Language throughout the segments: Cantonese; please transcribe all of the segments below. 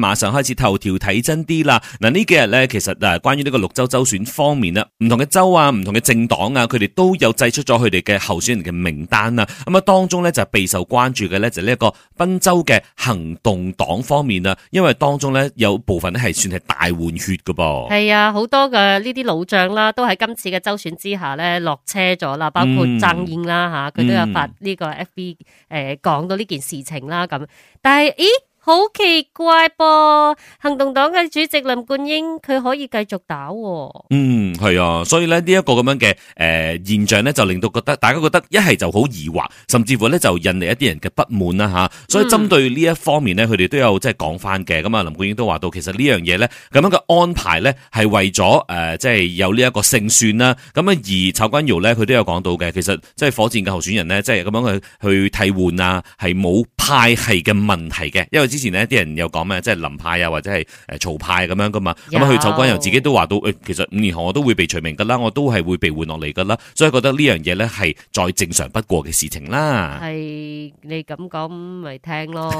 馬上開始頭條睇真啲啦！嗱，呢幾日咧，其實嗱，關於呢個六州州選方面啦，唔同嘅州啊，唔同嘅政黨啊，佢哋都有製出咗佢哋嘅候選人嘅名單啦。咁啊，當中咧就備受關注嘅咧，就呢一個檳州嘅行動黨方面啦，因為當中咧有部分咧係算係大換血㗎噃。係啊，好多嘅呢啲老將啦，都喺今次嘅州選之下咧落車咗啦，包括曾燕啦吓，佢、嗯、都有發呢個 FB 誒講到呢件事情啦。咁、嗯，但係咦？好奇怪噃、啊！行動黨嘅主席林冠英佢可以繼續打、啊，嗯係啊，所以咧呢一個咁樣嘅誒、呃、現象咧，就令到覺得大家覺得一係就好疑惑，甚至乎咧就引嚟一啲人嘅不滿啦吓。所以針對呢一方面咧，佢哋都有即係講翻嘅。咁啊，林冠英都話到，其、呃就是都到，其實呢樣嘢咧咁樣嘅安排咧係為咗誒即係有呢一個勝算啦。咁啊而曹君堯咧佢都有講到嘅，其實即係火箭嘅候選人咧即係咁樣去去替換啊，係冇派系嘅問題嘅，因為。之前咧，啲人有講咩，即係林派啊，或者係誒曹派咁樣噶嘛。咁啊，許晉軍又自己都話到，誒其實五年後我都會被除名噶啦，我都係會被換落嚟噶啦。所以覺得呢樣嘢咧係再正常不過嘅事情啦。係你咁講咪聽咯。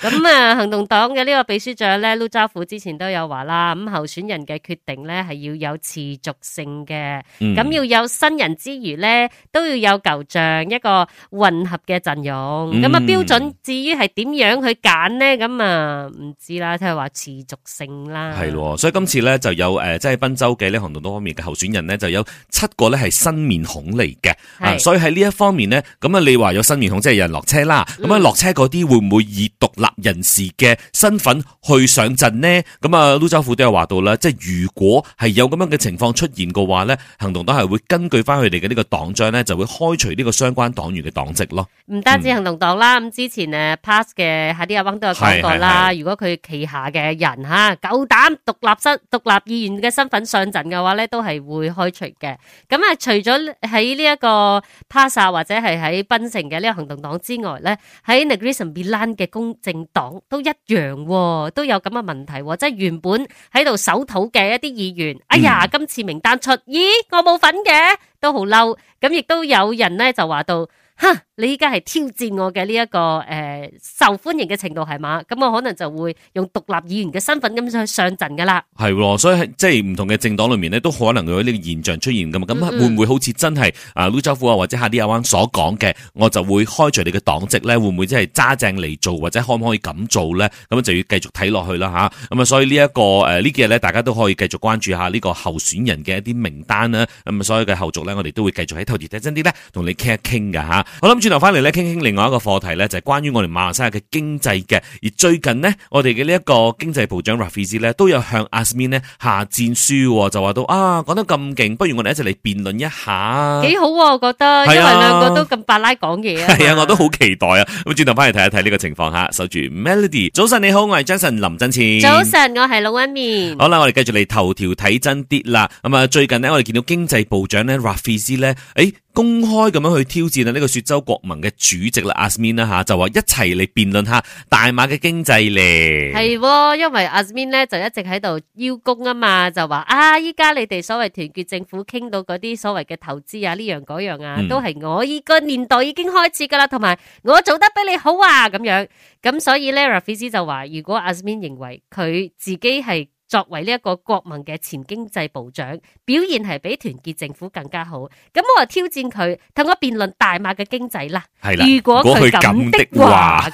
咁啊，行動黨嘅呢個秘書長咧，陸兆福之前都有話啦。咁候選人嘅決定咧係要有持續性嘅，咁要有新人之餘咧都要有舊將，一個混合嘅陣容。咁啊，標準至於係點樣去揀呢，咁啊，唔知啦，即係話持續性啦，係喎，所以今次咧就有誒，即係檳州嘅呢行動黨方面嘅候選人呢，就有七個咧係新面孔嚟嘅，係，所以喺呢一方面呢，咁啊，你話有新面孔即係有人落車啦，咁啊落車嗰啲會唔會以獨立人士嘅身份去上陣呢？咁啊，陸兆福都有話到啦，即係如果係有咁樣嘅情況出現嘅話呢，行動黨係會根據翻佢哋嘅呢個黨章呢，就會開除呢個相關黨員嘅黨籍咯。唔單止行動黨啦，咁、嗯、之前誒、啊、pass 嘅阿翁都有講過啦，如果佢旗下嘅人吓夠膽獨立身、獨立議員嘅身份上陣嘅話咧，都係會開除嘅。咁啊，除咗喺呢一個 Pasar 或者係喺檳城嘅呢個行動黨之外咧，喺 Negeri Sembilan 嘅公正黨都一樣，都有咁嘅問題。即係原本喺度守土嘅一啲議員，哎呀，今次名單出，咦，我冇份嘅，都好嬲。咁亦都有人咧就話到，哼。你依家係挑戰我嘅呢一個誒、呃、受歡迎嘅程度係嘛？咁我可能就會用獨立議員嘅身份咁上去上陣㗎啦。係喎，所以即係唔同嘅政黨裏面呢，都可能會有呢個現象出現㗎嘛。咁、嗯嗯、會唔會好似真係啊盧州府啊或者下啲阿灣所講嘅，我就會開除你嘅黨籍咧？會唔會真係揸正嚟做或者可唔可以咁做咧？咁就要繼續睇落去啦吓，咁啊，所以、這個呃、呢一個誒呢幾日咧，大家都可以繼續關注下呢個候選人嘅一啲名單啦。咁、啊、所有嘅後續咧，我哋都會繼續喺頭條睇真啲咧，同你傾一傾㗎吓。我諗住。轉頭翻嚟咧，傾傾另外一個課題咧，就係關於我哋馬來西亞嘅經濟嘅。而最近呢，我哋嘅呢一個經濟部長 Rafiz 咧，都有向 Azmin 咧下戰書，就話到啊，講得咁勁，不如我哋一齊嚟辯論一下。幾好，啊，我覺得，啊、因為兩個都咁白拉講嘢啊。係啊，我都好期待啊。咁轉頭翻嚟睇一睇呢個情況吓，守住 Melody。早晨你好，我係 Jason 林振前。早晨，我係老 Amy。好啦，我哋繼續嚟頭條睇真啲啦。咁啊，最近呢，我哋見到經濟部長咧 Rafiz 咧，誒。公開咁樣去挑戰啊呢個雪州國盟嘅主席啦，Azmin 啦吓，就話一齊嚟辯論下大馬嘅經濟咧。係，因為 Azmin 咧就一直喺度邀功啊嘛，就話啊依家你哋所謂團結政府傾到嗰啲所謂嘅投資啊呢樣嗰樣啊，都係我依個年代已經開始噶啦，同埋我做得比你好啊咁樣。咁所以咧，Rafizi 就話如果 Azmin 認為佢自己係。作為呢一個國民嘅前經濟部長，表現係比團結政府更加好。咁我話挑戰佢，同我辯論大馬嘅經濟啦。係啦的，如果佢咁的話哇，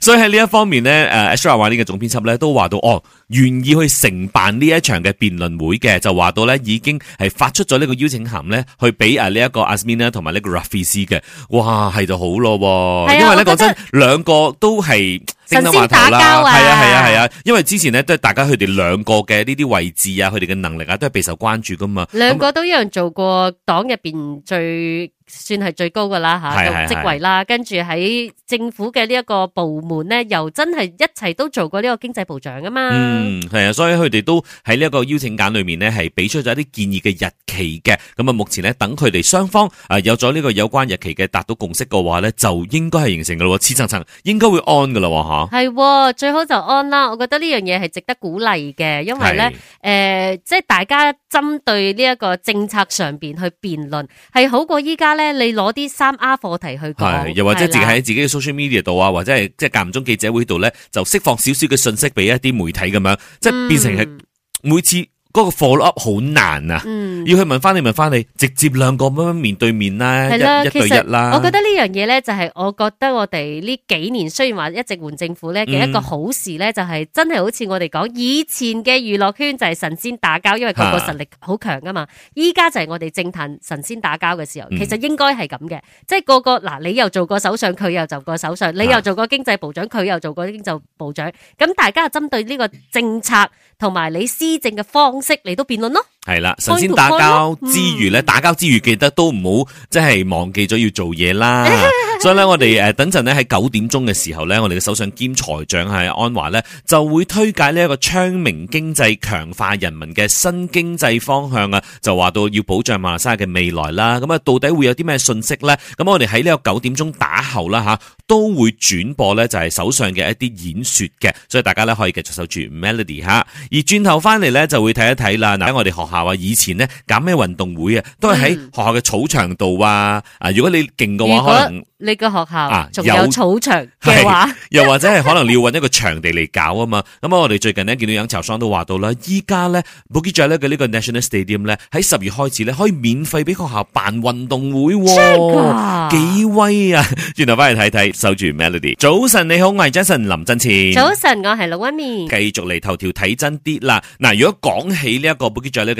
所以喺呢一方面咧，誒哇，阿 Sir 話呢個總編輯咧都話到，哦，願意去承辦呢一場嘅辯論會嘅，就話到咧已經係發出咗呢個邀請函咧，去俾啊呢一個 Azmin 啦同埋呢個 Rafizi 嘅。哇，係就好咯，哦，的因為咧講真，兩個都係。神仙打交啊，係啊，係啊，係啊，啊，因為之前咧都係大家佢哋兩個嘅呢啲位置啊，佢哋嘅能力啊，都係備受關注噶嘛。兩個都一樣做過黨入邊最。算係最高噶啦，吓個職位啦，跟住喺政府嘅呢一個部門咧，又真係一齊都做過呢個經濟部長啊嘛。嗯，係啊，所以佢哋都喺呢一個邀請柬裏面咧，係俾出咗一啲建議嘅日期嘅。咁啊，目前咧等佢哋雙方啊有咗呢個有關日期嘅達到共識嘅話咧，就應該係形成噶啦，黐層層應該會安噶啦，吓係，最好就安啦。我覺得呢樣嘢係值得鼓勵嘅，因為咧，誒，即係大家針對呢一個政策上邊去辯論，係好過依家咧。你攞啲三 R 課題去講，係又或者自己喺自己嘅 social media 度啊，是的或者係即係間唔中記者會度咧，就釋放少少嘅信息俾一啲媒體咁樣，即係、嗯、變成係每次。嗰個 follow up 好難啊，嗯、要去問翻你問翻你，直接兩個咁樣面對面啦，的一其實一對一啦。我覺得呢樣嘢咧，就係我覺得我哋呢幾年雖然話一直換政府咧嘅一個好事咧，就係真係好似我哋講以前嘅娛樂圈就係神仙打交，因為個個實力好強啊嘛。依家的就係我哋政壇神仙打交嘅時候，其實應該係咁嘅，嗯、即係個個嗱，你又做過首相，佢又做過首相，你又做過經濟部長，佢的又做過經濟部長，咁大家針對呢個政策同埋你施政嘅方。嚟到辯論咯！係啦，神仙打交之餘咧，打交之餘、嗯、記得都唔好即係忘記咗要做嘢啦。 所以咧，我哋誒等陣咧喺九點鐘嘅時候咧，我哋嘅首相兼財長係安華咧，就會推介呢一個昌明經濟、強化人民嘅新經濟方向啊。就話到要保障馬來西亞嘅未來啦。咁啊，到底會有啲咩信息咧？咁我哋喺呢個九點鐘打後啦吓，都會轉播咧就係首相嘅一啲演說嘅。所以大家咧可以繼續守住 Melody 吓、啊。而轉頭翻嚟咧就會睇一睇啦。嗱喺我哋學校。話以前咧搞咩運動會啊，都係喺學校嘅草場度啊！啊，如果你勁嘅話，可能你個學校啊，又有草場嘅話，又或者係可能你要搵一個場地嚟搞啊嘛。咁啊，我哋最近呢，見到楊潮霜都話到啦，依家咧 Bukit Jalil 咧嘅呢個 National Stadium 咧，喺十月開始咧可以免費俾學校辦運動會、啊，真噶哥！幾威啊！轉頭翻嚟睇睇，守住 Melody。早晨你好，我係 Jason 林振前。早晨，我係陸君妮。繼續嚟頭條睇真啲啦。嗱，如果講起呢一個 Bukit Jalil 咧。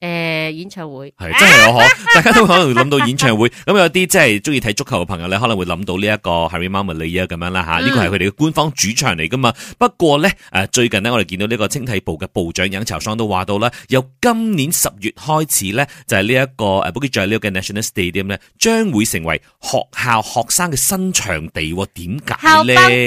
誒、呃，演唱會係真係有可，啊、吧大家都可能諗到演唱會。咁 有啲即係中意睇足球嘅朋友咧，可能會諗到呢一個 Harimau Malaya 咁樣啦吓。呢、啊嗯、個係佢哋嘅官方主場嚟噶嘛。不過咧，誒、啊、最近呢，我哋見到呢個青體部嘅部長尹朝雙都話到啦，由今年十月開始咧，就係、是這個啊、呢一個誒，Bukit Jalil 呢個 National Stadium 咧，將會成為學校學生嘅新場地。點解咧？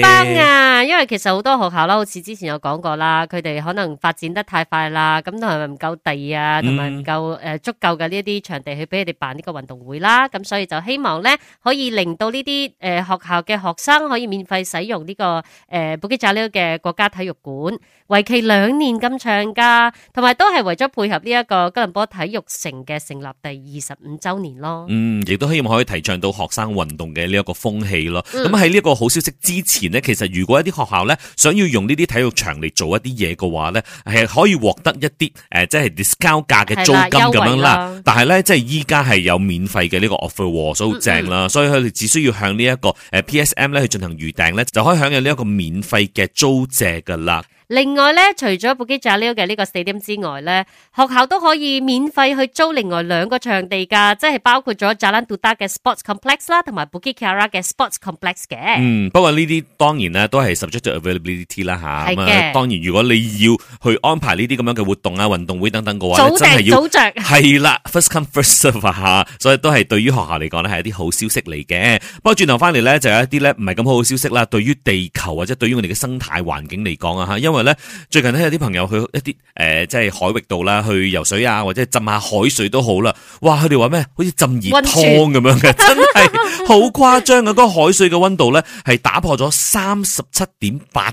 因為其實好多學校啦，好似之前有講過啦，佢哋可能發展得太快啦，咁都係咪唔夠地啊。嗯能夠誒足夠嘅呢一啲場地去俾佢哋辦呢個運動會啦，咁所以就希望咧可以令到呢啲誒學校嘅學生可以免費使用呢、這個誒布、呃、吉扎咧嘅國家體育館，為期兩年咁長噶，同埋都係為咗配合呢一個吉隆坡體育城嘅成立第二十五週年咯。嗯，亦都希望可以提倡到學生運動嘅呢一個風氣咯。咁喺呢一個好消息之前咧，其實如果一啲學校咧想要用呢啲體育場嚟做一啲嘢嘅話咧，係可以獲得一啲誒、啊呃、即係 discount 價嘅。租金咁樣啦，但係咧，即係依家係有免費嘅呢個 offer，所以正啦，嗯嗯，所以佢哋只需要向呢一個誒 PSM 咧去進行預訂咧，就可以享有呢一個免費嘅租借㗎喇。另外咧，除咗 Bukit Jalil 嘅呢個 stadium 之外咧，學校都可以免費去租另外兩個場地噶，即係包括咗 Jalan Duta 嘅 sports complex 啦，同埋 Bukit Kiara 嘅 sports complex 嘅。嗯，不過呢啲當然咧都係 subject to availability 啦吓。的。係嘅。當然，如果你要去安排呢啲咁樣嘅活動啊、運動會等等嘅話，早訂早著你真係要係啦着，first come first serve 吓。所以都係對於學校嚟講咧係一啲好消息嚟嘅。不過轉頭翻嚟咧就有一啲咧唔係咁好嘅消息啦。對於地球或者對於我哋嘅生態環境嚟講啊，吓因。因為咧最近咧有啲朋友去一啲誒、呃，即係海域度啦，去游水啊，或者浸下海水都好啦。哇，佢哋話咩？好似浸熱湯咁樣嘅，真係好誇張嘅。嗰 個海水嘅溫度咧，係打破咗三十七點八。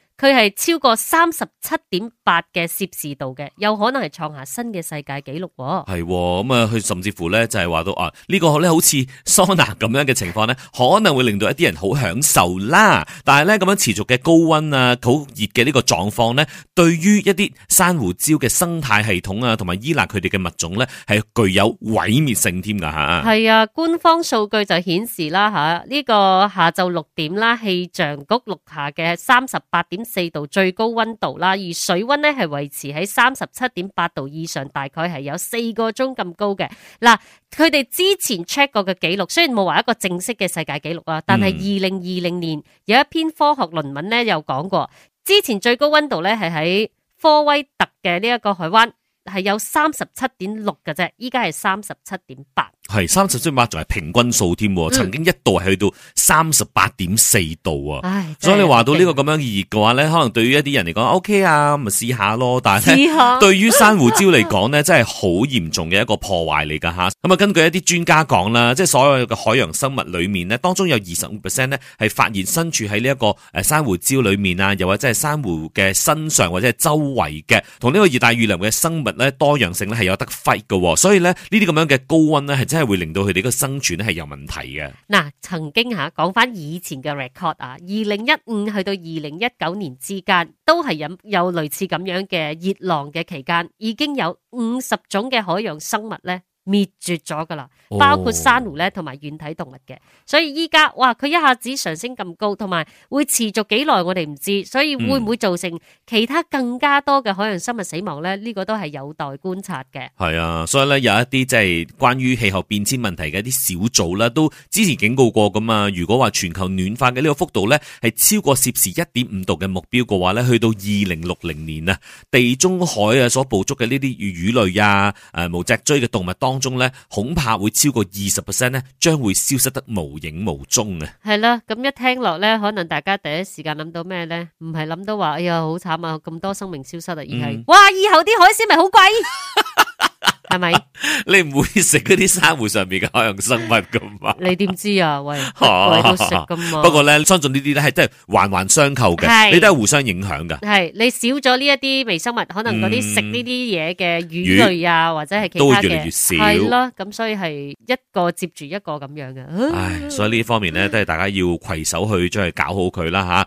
佢係超過三十七點八嘅攝氏度嘅，有可能係創下新嘅世界紀錄。係咁啊，佢甚至乎咧就係話到啊，呢個咧好似桑拿咁樣嘅情況呢，可能會令到一啲人好享受啦。但係咧咁樣持續嘅高溫啊，好熱嘅呢個狀況呢，對於一啲珊瑚礁嘅生態系統啊，同埋依賴佢哋嘅物種呢，係具有毀滅性添噶吓。係啊，官方數據就顯示啦吓，呢個下晝六點啦，氣象局錄下嘅三十八點四度，最高溫度啦，而水溫呢係維持喺三十七點八度以上，大概係有四個鐘咁高嘅。嗱，佢哋之前 check 過嘅記錄，雖然冇話一個正式嘅世界紀錄啊，但係二零二零年有一篇科學論文呢有講過，之前最高溫度呢係喺科威特嘅呢一個海灣係有三十七點六㗎啫，依家係三十七點八。係三十七八仲係平均數添，曾經一度係去到三十八點四度啊！嗯、所以你說到這這話到呢個咁樣熱嘅話呢，可能對於一啲人嚟講，O K 啊，咪試下咯。但係對於珊瑚礁嚟講呢，真係好嚴重嘅一個破壞嚟噶吓。咁、嗯、啊，根據一啲專家講啦，即係所有嘅海洋生物裏面呢，當中有二十五 percent 咧係發現身處喺呢一個誒珊瑚礁裏面啊，又或者係珊瑚嘅身上或者係周圍嘅，同呢個熱帶雨林嘅生物呢，多樣性呢係有得 fight 嘅。所以呢，呢啲咁樣嘅高溫呢，係真係。會令到佢哋個生存咧係有問題嘅。嗱，曾經吓講翻以前嘅 record 啊，二零一五去到二零一九年之間，都係有有類似咁樣嘅熱浪嘅期間，已經有五十種嘅海洋生物咧滅絕咗噶啦。包括珊瑚咧同埋軟體動物嘅，所以依家哇，佢一下子上升咁高，同埋會持續幾耐我哋唔知，所以會唔會造成其他更加多嘅海洋生物死亡咧？呢個都係有待觀察嘅。係、嗯、啊，所以咧有一啲即係關於氣候變遷問題嘅一啲小組啦，都之前警告過咁啊，如果話全球暖化嘅呢個幅度咧係超過攝氏一點五度嘅目標嘅話咧，去到二零六零年啊，地中海啊所捕捉嘅呢啲魚類啊，誒無脊椎嘅動物當中咧，恐怕會。超過二十 percent 咧，將會消失得無影無蹤嘅。係啦，咁一聽落咧，可能大家第一時間諗到咩咧？唔係諗到話，哎呀好慘啊，咁多生命消失啊，而係，嗯、哇以後啲海鮮咪好貴？ 係咪？你唔會食嗰啲珊瑚上面嘅海洋生物噶嘛？你點知啊？喂，我喺度食噶嘛？不過咧，相信呢啲咧係真係環環相扣嘅，你都係互相影響噶。係你少咗呢一啲微生物，可能嗰啲食呢啲嘢嘅魚類啊，或者係都會越嚟越少。係囉，咁所以係一個接住一個咁樣嘅。唉，所以呢方面咧，都係大家要攜手去將嚟搞好佢啦，吓。